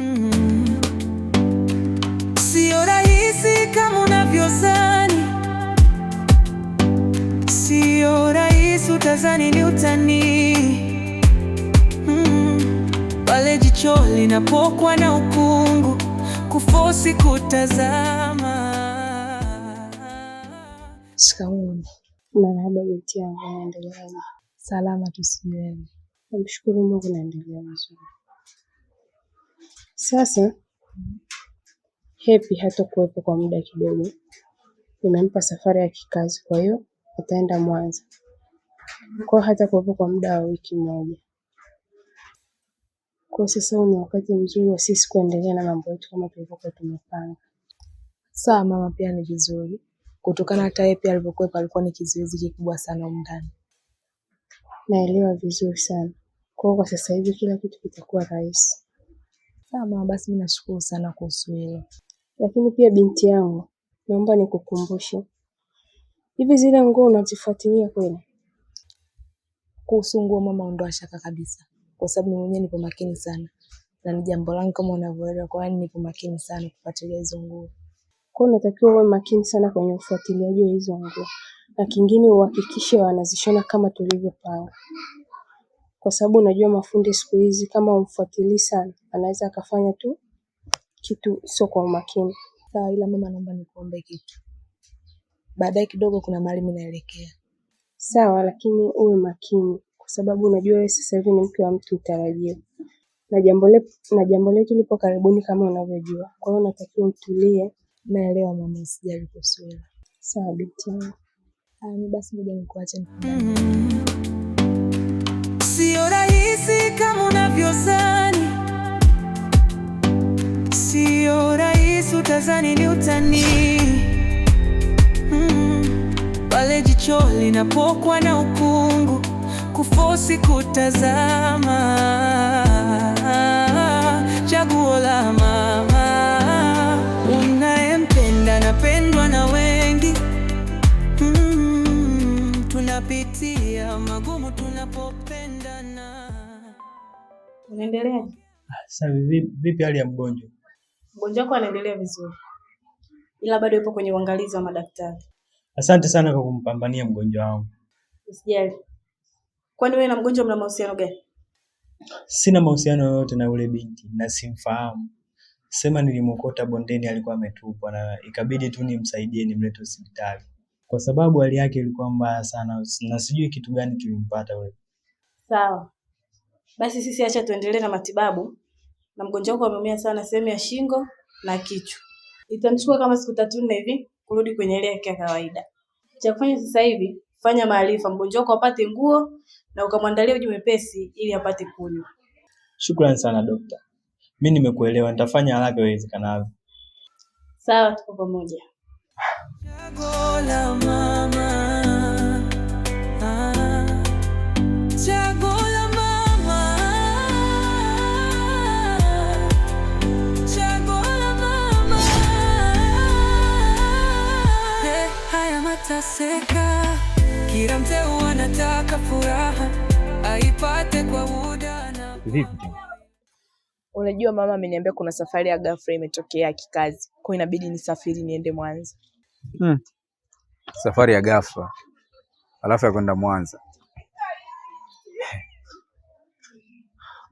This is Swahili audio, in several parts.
Mm-hmm. Sio rahisi kama unavyozani, sio rahisi, utazani ni utani mm-hmm. pale mm. Jicho linapokwa na ukungu, kufosi kutazama Shikamoo. Marahaba binti yangu, naendeleaje? Salama tu. Siwewe? Namshukuru Mungu, naendelea vizuri. Sasa Hepi hatakuwepo kwa muda kidogo, imempa safari ya kikazi, kwa hiyo ataenda Mwanza kwao, hatakuwepo kwa muda wa wiki moja. Kwa sasa huu ni wakati mzuri wa sisi kuendelea na mambo yetu kama tulivyokuwa tumepanga. Sawa mama, pia ni vizuri kutokana hata yeye pia alivyokuwepo alikuwa ni kizuizi kikubwa sana ndani. Naelewa vizuri sana. Kwa hiyo kwa sasa hivi kila kitu kitakuwa rahisi. Sawa, basi mimi nashukuru sana kuhusu hilo. Lakini pia binti yangu, naomba nikukumbushe. Hivi zile nguo unazifuatilia kweli? Kuhusu nguo mama, ondoa shaka kabisa, kwa sababu mimi mwenyewe nipo makini sana na ni jambo langu kama unavyoelewa, kwa yaani nipo makini sana kufuatilia hizo nguo. Kwa hiyo natakiwa uwe makini sana kwenye ufuatiliaji wa hizo nguo, na kingine uhakikishe wanazishona kama tulivyopanga kwa sababu unajua mafundi siku hizi kama umfuatilii sana anaweza akafanya tu kitu sio kwa umakini. Sawa, ila mama, naomba nikuombe kitu, baadaye kidogo kuna mahali mimi Sawa, lakini uwe makini, kwa sababu unajua wewe sasa hivi ni mke wa mtu mtarajiwa, na jambo letu na jambo letu lipo karibuni kama unavyojua. Kwa hiyo natakiwa utulie. Naelewa mama, sijali sijalikosoa. Sawa binti yangu. Basi ngoja nikuache. Mm-hmm. Sio rahisi kama unavyozani, sio rahisi, utazani ni utani mm-hmm. pale mm, jicho linapokuwa na ukungu, kufosi kutazama. Chaguo la mama unayempenda, napendwa na wengi mm, tunapitia magumu tunapo Unaendeleaje? Sasa vipi hali ya mgonjwa? Mgonjwa wako anaendelea vizuri, ila bado yupo kwenye uangalizi wa madaktari. Asante sana kwa kumpambania mgonjwa wangu. Usijali. Kwani wewe na mgonjwa mna mahusiano gani? Sina mahusiano yoyote na yule binti na simfahamu. Sema nilimokota bondeni, alikuwa ametupwa na ikabidi tu nimsaidie, nimlete hospitali kwa sababu hali yake ilikuwa mbaya sana na sijui kitu gani kilimpata. Wewe sawa, basi sisi acha tuendelee na matibabu, na mgonjwa wako ameumia sana sehemu ya shingo na kichwa. Itamchukua kama siku tatu nne hivi kurudi kwenye ile yake ya kawaida. Cha kufanya sasa hivi, fanya maarifa, mgonjwa wako apate nguo na ukamwandalia uji mwepesi ili apate kunywa. Shukrani sana dokta, mi nimekuelewa, nitafanya haraka iwezekanavyo. Sawa, tuko pamoja. wanaseka, kila mteu anataka furaha aipate kwa muda na... Unajua, mama ameniambia kuna safari ya ghafla imetokea kikazi, kwa inabidi nisafiri niende Mwanza. Hmm. Safari ya ghafla alafu ya kwenda Mwanza.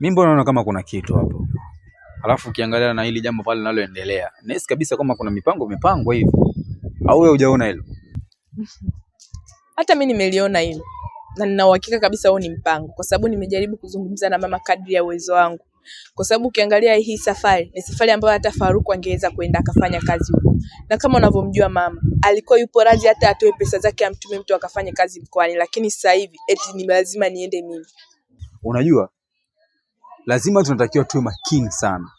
Mimi mbona naona kama kuna kitu hapo, alafu ukiangalia na hili jambo pale linaloendelea, nahisi kabisa kama kuna mipango mipango hivi, au wewe hujaona hilo? Hata mi nimeliona hilo na nina uhakika kabisa huo ni mpango, kwa sababu nimejaribu kuzungumza na mama kadri ya uwezo wangu, kwa sababu ukiangalia hii safari ni safari ambayo hata Faruku angeweza kwenda akafanya kazi huko, na kama unavyomjua mama alikuwa yupo radhi hata atoe pesa zake amtume mtu akafanye kazi mkoani, lakini sasa hivi eti ni lazima niende mimi. Unajua, lazima tunatakiwa tuwe makini sana,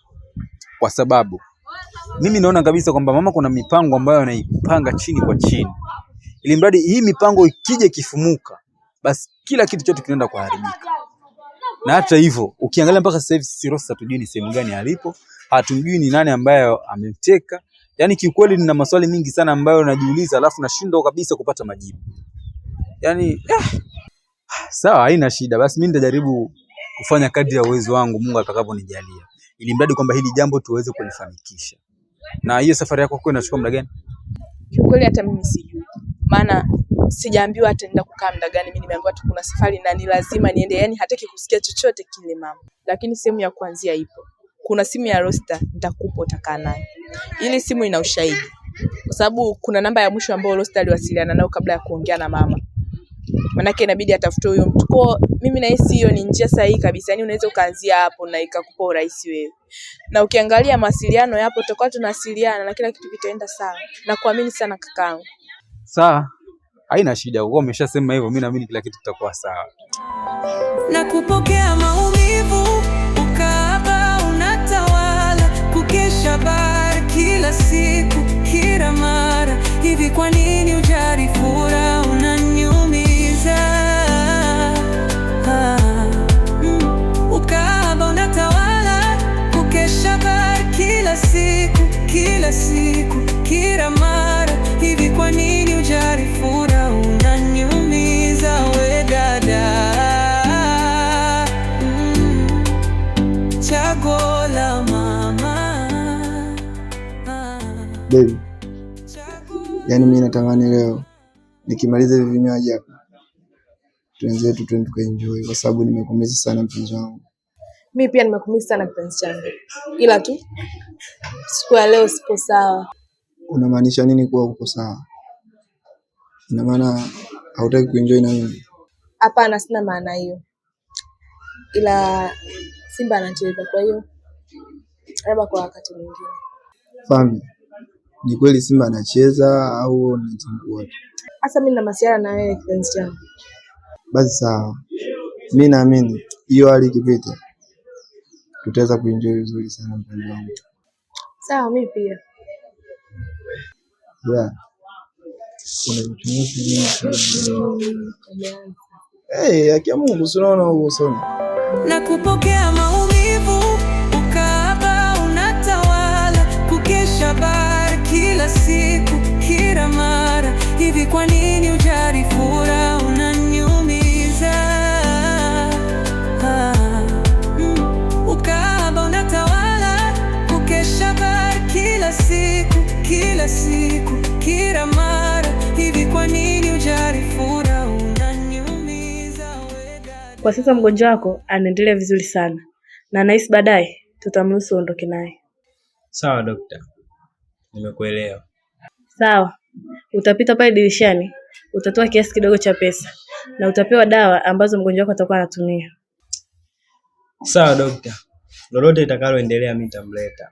kwa sababu mimi naona kabisa kwamba mama kuna mipango ambayo anaipanga chini kwa chini ili mradi hii mipango ikija ikifumuka, basi kila kitu chote kinaenda kuharibika. Na hata hivyo ukiangalia mpaka sasa hivi sisi Rosta hatujui ni sehemu gani alipo, hatumjui ni nani ambaye amemteka. Yaani kiukweli nina maswali mingi sana ambayo najiuliza, alafu nashindwa kabisa kupata majibu. Yaani eh, sawa, haina shida. Basi mimi nitajaribu kufanya kadri ya uwezo wangu Mungu atakavyonijalia, ili mradi kwamba hili jambo tuweze kulifanikisha. Na hiyo safari yako kwako inachukua muda gani? Kiukweli hata mimi sijui maana sijaambiwa hata nenda kukaa muda gani, mimi nimeambiwa tu kuna safari na ni lazima niende. Yani hataki kusikia chochote kile mama, lakini sehemu ya kuanzia ipo. Kuna simu ya Rosta, nitakupa utakaa nayo. Ili simu ina ushahidi, kwa sababu kuna namba ya mwisho ambayo Rosta aliwasiliana nayo kabla ya kuongea na mama, manake inabidi atafute huyo mtu. Kwa mimi nahisi hiyo ni njia sahihi kabisa, yani unaweza ukaanzia hapo na ikakupa urahisi wewe, na ukiangalia mawasiliano yapo, tutakuwa tunawasiliana na kila kitu kitaenda sawa, na kuamini sana kakaangu. Sawa, haina shida, uko umeshasema hivyo, mimi naamini kila kitu kitakuwa sawa. Na kupokea maumivu ukaba unatawala, kukesha bar kila siku, kila mara hivi kwani Yaani mimi natamani leo nikimaliza hivi vinywaji hapa tuenzetu tuende tukaenjoy, kwa sababu nimekumisi sana mpenzi wangu. Mimi pia nimekumisi sana mpenzi wangu. ila tu siku ya leo sipo sawa. Unamaanisha nini kuwa uko sawa? Ina maana hautaki kuenjoy na mimi? Hapana, sina maana hiyo, ila Simba anacheza, kwa hiyo labda kwa wakati mwingine. Fahamu ni kweli Simba anacheza au nitambua tu? Sasa mimi na masiara na yeye kipenzi changu. Basi sawa, mi naamini hiyo hali ikipita tutaweza kuenjoy vizuri sana mpenzi wangu. Sawa, mimi pia yeah. Hey, akia Mungu si unaona huo sona na kupokea maumivu ukaba unatawala kukesha baa kila siku, kila mara. Hivi kwa nini ujari fura unaniumiza? Ah, mm. ukahaba unatawala, kukesha bari kila siku, kila siku, kila mara. Hivi kwa nini ujari fura unaniumiza? Kwa sasa mgonjwa wako anaendelea vizuri sana na nahisi baadaye tutamruhusu ondoke naye. Sawa, dokta. Nimekuelewa. Sawa, utapita pale dirishani, utatoa kiasi kidogo cha pesa na utapewa dawa ambazo mgonjwa wako atakuwa anatumia. Sawa dokta, lolote litakaloendelea mimi nitamleta.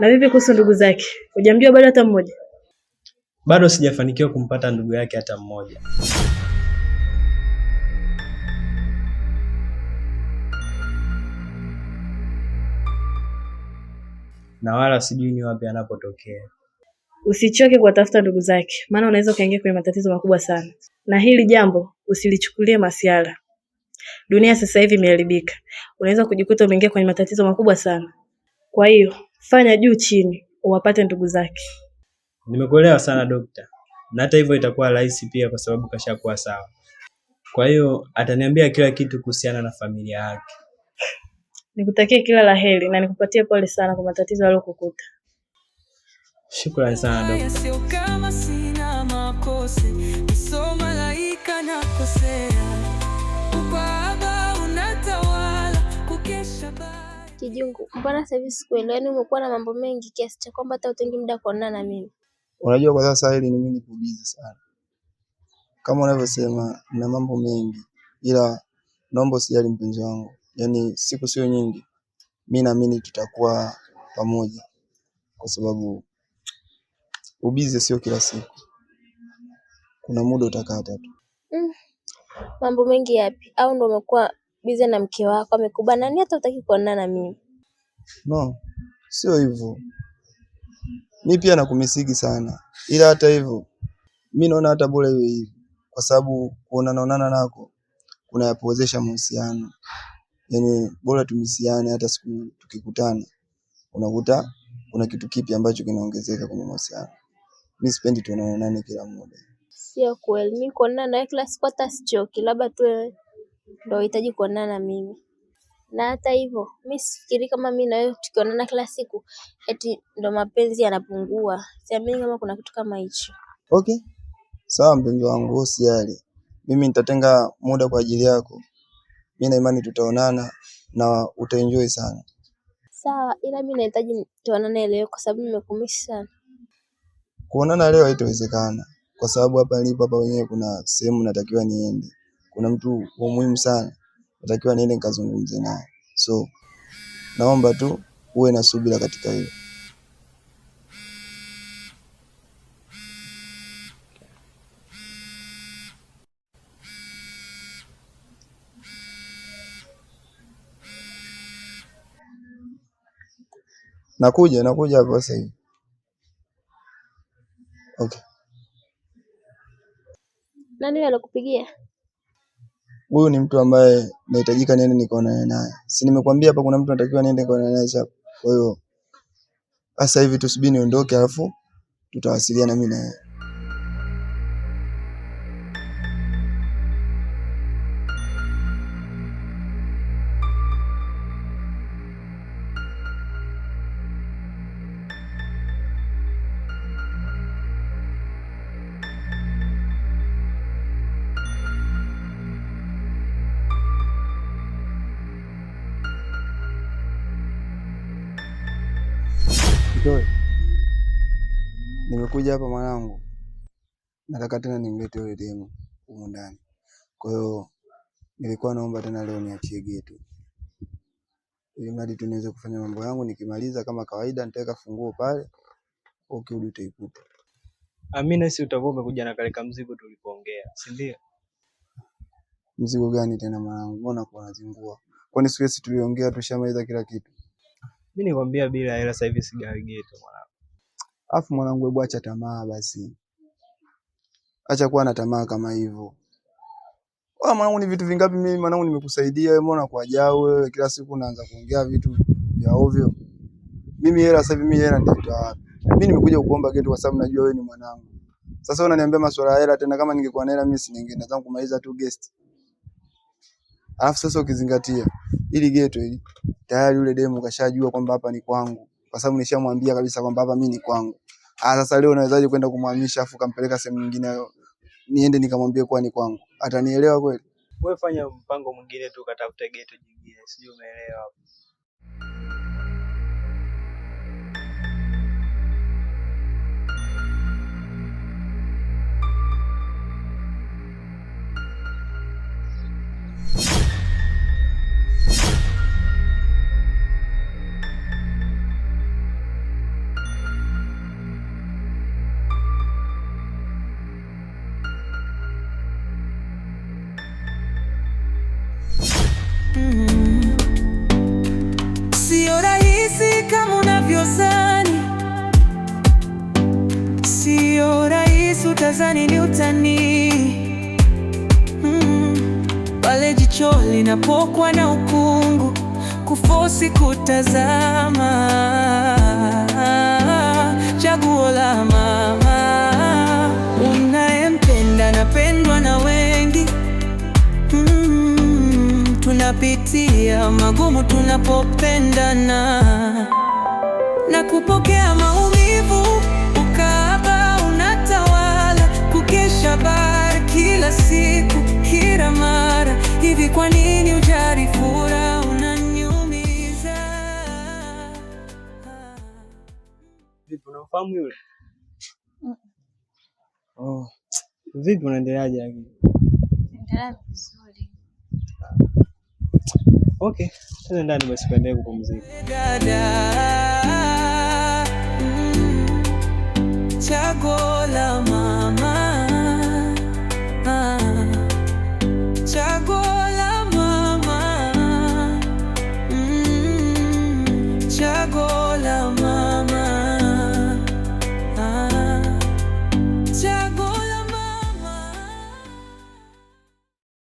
Na vipi kuhusu ndugu zake, hujamjua bado hata mmoja? Bado sijafanikiwa kumpata ndugu yake hata mmoja. na wala sijui ni wapi anapotokea. Usichoke kuwatafuta ndugu zake, maana unaweza ukaingia kwenye matatizo makubwa sana, na hili jambo usilichukulie masiara. Dunia sasa hivi imeharibika, unaweza kujikuta umeingia kwenye matatizo makubwa sana. Kwa hiyo fanya juu chini uwapate ndugu zake. Nimekuelewa sana dokta, na hata hivyo itakuwa rahisi pia, kwa sababu kashakuwa sawa. Kwa hiyo ataniambia kila kitu kuhusiana na familia yake. Nikutakie kila la heri na nikupatie pole sana kwa matatizo yaliyokukuta. Shukrani sana kama sina makosa, unatawala kukesha Kijungu, mbona sasa hivi sikuelewi? Umekuwa na mambo mengi kiasi cha kwamba hata utengi muda kuonana na mimi. Unajua kwa sasa hili ni mimi niko busy sana. Kama unavyosema, na mambo mengi ila naomba usijali mpenzi wangu yani siku sio nyingi, mi naamini tutakuwa pamoja, kwa sababu ubize sio kila siku, kuna muda utakata tu. Mm, mambo mengi yapi? Au ndo umekuwa bize na mke wako amekubana, nani, hata utaki kuonana na mimi? No, sio hivyo, mi pia nakumisiki sana, ila hata hivyo mi naona hata bora iwe hivi, kwa sababu kuonana onana nako kunayapozesha mahusiano yani bora tumisiane, hata siku tukikutana unakuta kuna kitu kipi ambacho kinaongezeka kwenye mahusiano. Mimi sipendi tuonane kila muda. Sio kweli, mimi kuonana nawe kila siku hata sichoki, labda tu ndo ndio kuonana na mimi. Na hata hivyo mimi sifikiri kama mimi na wewe tukionana kila siku eti ndo mapenzi yanapungua. Siamini kama kuna kitu kama hicho. Okay, sawa mpenzi wangu, usijali, mimi nitatenga muda kwa ajili yako mi na imani tutaonana na utaenjoy sana. Sawa, ila mi nahitaji tuonane leo kwa sababu nimekumiss sana. Kuonana leo haitawezekana kwa sababu hapa nilipo hapa wenyewe kuna sehemu natakiwa niende, kuna mtu wa muhimu sana natakiwa niende nikazungumze naye, so naomba tu uwe na subira katika hiyo Nakuja, nakuja hapo sasa hivi. Okay. Nani yule alokupigia? Huyu ni mtu ambaye nahitajika niende nikaonane naye. Si nimekuambia hapa kuna mtu anatakiwa niende nikaonane naye sasa. Kwa hiyo sasa hivi tusubiri niondoke, alafu tutawasiliana mimi na yeye. Kitoe, nimekuja hapa mwanangu, nataka tena nimlete yule demu humu ndani. Kwa hiyo nilikuwa naomba tena leo niachie getu, ili mradi tu niweze kufanya mambo yangu. Nikimaliza kama kawaida, nitaweka funguo pale, ukirudi utaikuta. Amina, ah, si utakuwa umekuja na kale kamzigo tulipoongea, si ndio? Mzigo gani tena mwanangu? Mbona kwa nazingua? Kwani siwezi tuliongea tushamaliza kila kitu? Mimi nikwambia bila hela sasa hivi sigawi geto mwanangu. Alafu mwanangu, hebu acha tamaa basi. Acha kuwa na tamaa kama hivyo. Wa ah, mwanangu, ni vitu vingapi mimi mwanangu nimekusaidia wewe, mbona kwa jao wewe kila siku unaanza kuongea vitu vya ovyo. Mimi hela sasa hivi mimi hela ndio wapi? Mimi nimekuja kukuomba geto kwa sababu najua wewe ni mwanangu. Sasa wewe unaniambia masuala ya hela tena, kama ningekuwa na hela mimi singeenda zangu kumaliza tu guest. Alafu sasa ukizingatia hili geto hili, tayari yule demu kashajua kwamba hapa ni kwangu, kwa sababu nishamwambia kabisa kwamba hapa mimi ni kwangu. Ah, sasa leo nawezaje kwenda kumhamisha afu kampeleka sehemu nyingine, niende nikamwambie kuwa ni kwangu? Atanielewa kweli? Wewe fanya mpango mwingine tu, katafute geto jingine, sijui umeelewa. Yesu tazani ni utani mm. pale, mm, jicho linapokwa na ukungu, kufosi kutazama. Chaguo la mama unayempenda, napendwa na wengi mm. tunapitia magumu tunapopendana na kupokea kila siku, kila mara hivi. Kwa nini ujali furaha, unaniumiza? Vipi, unamfahamu yule? Mm. Oh, vipi, unaendeleaje? Endelea vizuri. Okay, tena ndani basi, kuendelea kupumzika. Mm. Chaguo la mama